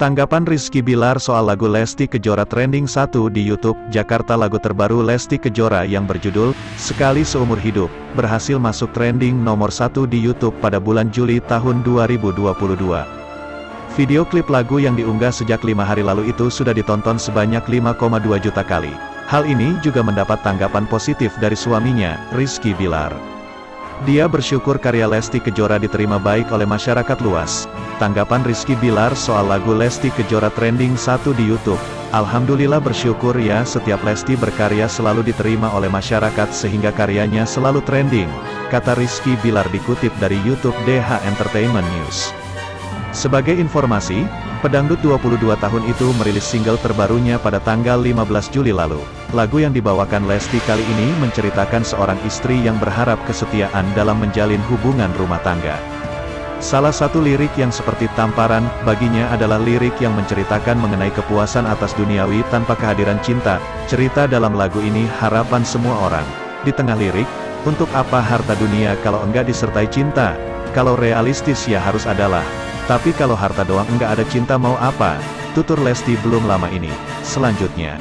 Tanggapan Rizky Bilar soal lagu Lesti Kejora trending 1 di YouTube, Jakarta lagu terbaru Lesti Kejora yang berjudul, Sekali Seumur Hidup, berhasil masuk trending nomor 1 di YouTube pada bulan Juli tahun 2022. Video klip lagu yang diunggah sejak lima hari lalu itu sudah ditonton sebanyak 5,2 juta kali. Hal ini juga mendapat tanggapan positif dari suaminya, Rizky Bilar. Dia bersyukur karya Lesti Kejora diterima baik oleh masyarakat luas. Tanggapan Rizky Bilar soal lagu Lesti Kejora trending satu di Youtube. Alhamdulillah bersyukur ya setiap Lesti berkarya selalu diterima oleh masyarakat sehingga karyanya selalu trending, kata Rizky Bilar dikutip dari Youtube DH Entertainment News. Sebagai informasi, pedangdut 22 tahun itu merilis single terbarunya pada tanggal 15 Juli lalu. Lagu yang dibawakan Lesti kali ini menceritakan seorang istri yang berharap kesetiaan dalam menjalin hubungan rumah tangga. Salah satu lirik yang seperti tamparan, baginya adalah lirik yang menceritakan mengenai kepuasan atas duniawi tanpa kehadiran cinta, cerita dalam lagu ini harapan semua orang. Di tengah lirik, untuk apa harta dunia kalau enggak disertai cinta? Kalau realistis ya harus adalah. Tapi kalau harta doang enggak ada cinta mau apa? Tutur Lesti belum lama ini. Selanjutnya.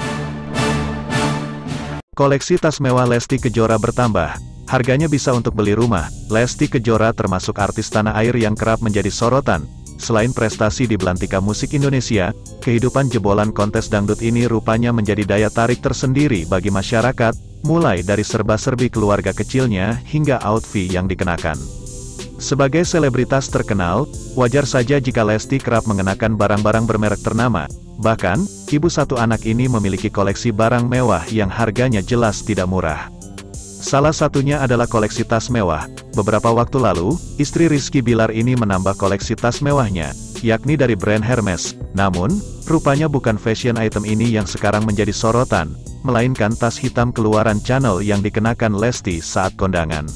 Koleksi tas mewah Lesti Kejora bertambah, harganya bisa untuk beli rumah, Lesti Kejora termasuk artis tanah air yang kerap menjadi sorotan. Selain prestasi di belantika musik Indonesia, kehidupan jebolan kontes dangdut ini rupanya menjadi daya tarik tersendiri bagi masyarakat, mulai dari serba-serbi keluarga kecilnya hingga outfit yang dikenakan. Sebagai selebritas terkenal, wajar saja jika Lesti kerap mengenakan barang-barang bermerek ternama, Bahkan, ibu satu anak ini memiliki koleksi barang mewah yang harganya jelas tidak murah. Salah satunya adalah koleksi tas mewah. Beberapa waktu lalu, istri Rizky Bilar ini menambah koleksi tas mewahnya, yakni dari brand Hermes. Namun, rupanya bukan fashion item ini yang sekarang menjadi sorotan, melainkan tas hitam keluaran channel yang dikenakan Lesti saat kondangan.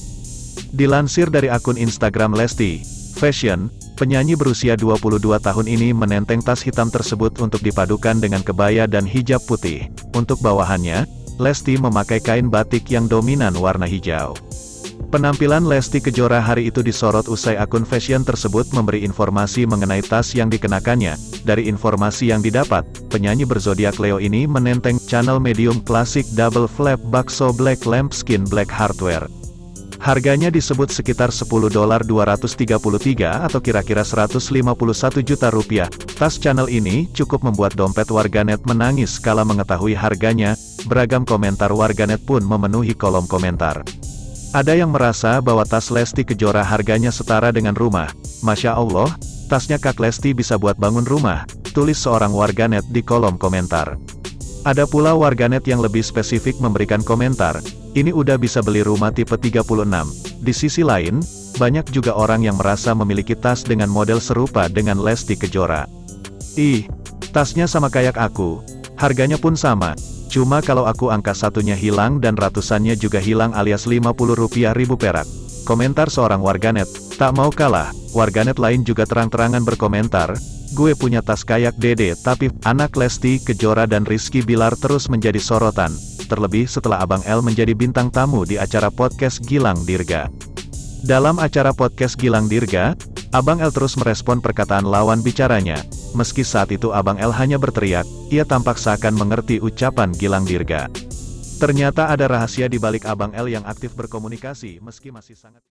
Dilansir dari akun Instagram Lesti, Fashion, Penyanyi berusia 22 tahun ini menenteng tas hitam tersebut untuk dipadukan dengan kebaya dan hijab putih. Untuk bawahannya, Lesti memakai kain batik yang dominan warna hijau. Penampilan Lesti Kejora hari itu disorot usai akun fashion tersebut memberi informasi mengenai tas yang dikenakannya. Dari informasi yang didapat, penyanyi berzodiak Leo ini menenteng channel medium klasik double flap bakso black lamp skin black hardware. Harganya disebut sekitar 10 dolar 233 atau kira-kira 151 juta rupiah. Tas channel ini cukup membuat dompet warganet menangis kala mengetahui harganya, beragam komentar warganet pun memenuhi kolom komentar. Ada yang merasa bahwa tas Lesti Kejora harganya setara dengan rumah. Masya Allah, tasnya Kak Lesti bisa buat bangun rumah, tulis seorang warganet di kolom komentar. Ada pula warganet yang lebih spesifik memberikan komentar, ini udah bisa beli rumah tipe 36. Di sisi lain, banyak juga orang yang merasa memiliki tas dengan model serupa dengan Lesti Kejora. Ih, tasnya sama kayak aku. Harganya pun sama. Cuma kalau aku angka satunya hilang dan ratusannya juga hilang alias 50 rupiah ribu perak. Komentar seorang warganet, tak mau kalah, warganet lain juga terang-terangan berkomentar, gue punya tas kayak dede tapi, anak Lesti, Kejora dan Rizky Bilar terus menjadi sorotan terlebih setelah Abang L menjadi bintang tamu di acara podcast Gilang Dirga. Dalam acara podcast Gilang Dirga, Abang L terus merespon perkataan lawan bicaranya. Meski saat itu Abang L hanya berteriak, ia tampak seakan mengerti ucapan Gilang Dirga. Ternyata ada rahasia di balik Abang L yang aktif berkomunikasi meski masih sangat